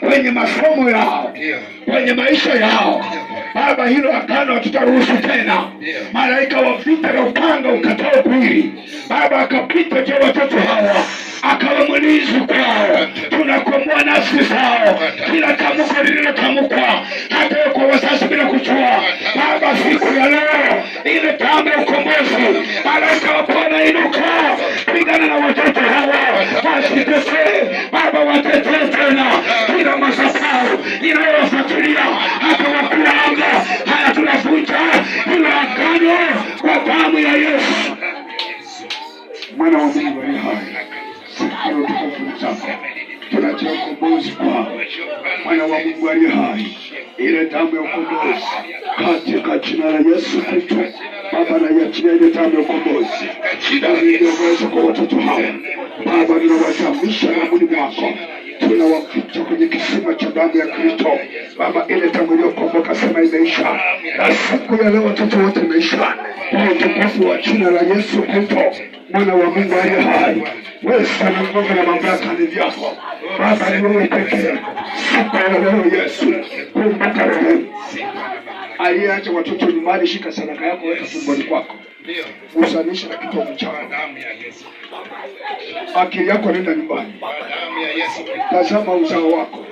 kwenye masomo yao, kwenye maisha yao. Baba, hilo hapana, hatutaruhusu tena. Malaika wa vita na upanga ukatao kuwili, Baba akapita juu watoto hawa akawa kwao. Tunakomboa nafsi zao, kila tamko lililotamkwa hata kwa wazazi bila kujua. Baba, siku ya leo ile damu ya ukombozi, malaika wa Bwana inuka, pigana na watoto hawa wasitesee damu ya Yesu, mwana wa Mungu aliye hai, sifa utukufu ni zako. ukombozi kwa mwana wa Mungu aliye hai, ile damu ya ukombozi katika jina la Yesu Kristo. Baba, naiachilia ile damu ya ukombozi, damu iliyoweza kwa watoto hawa Baba, tunawazamisha damuni mwako, tunawaficha kwenye kisima cha damu ya Kristo Baba, ile damu iliyoko inasema imeisha, na siku ya leo watoto wote imeisha, kwa utukufu wa jina la Yesu Kristo mwana wa Mungu aliye hai. Wewe sana nguvu na mamlaka ni vyako Baba, ni wewe pekee. Siku ya leo Yesu, kumbuka wewe aliyeacha watoto nyumbani, shika sadaka yako, weka tumboni kwako, usanisha na kitovu chako. Akili yako nenda nyumbani, tazama uzao wako.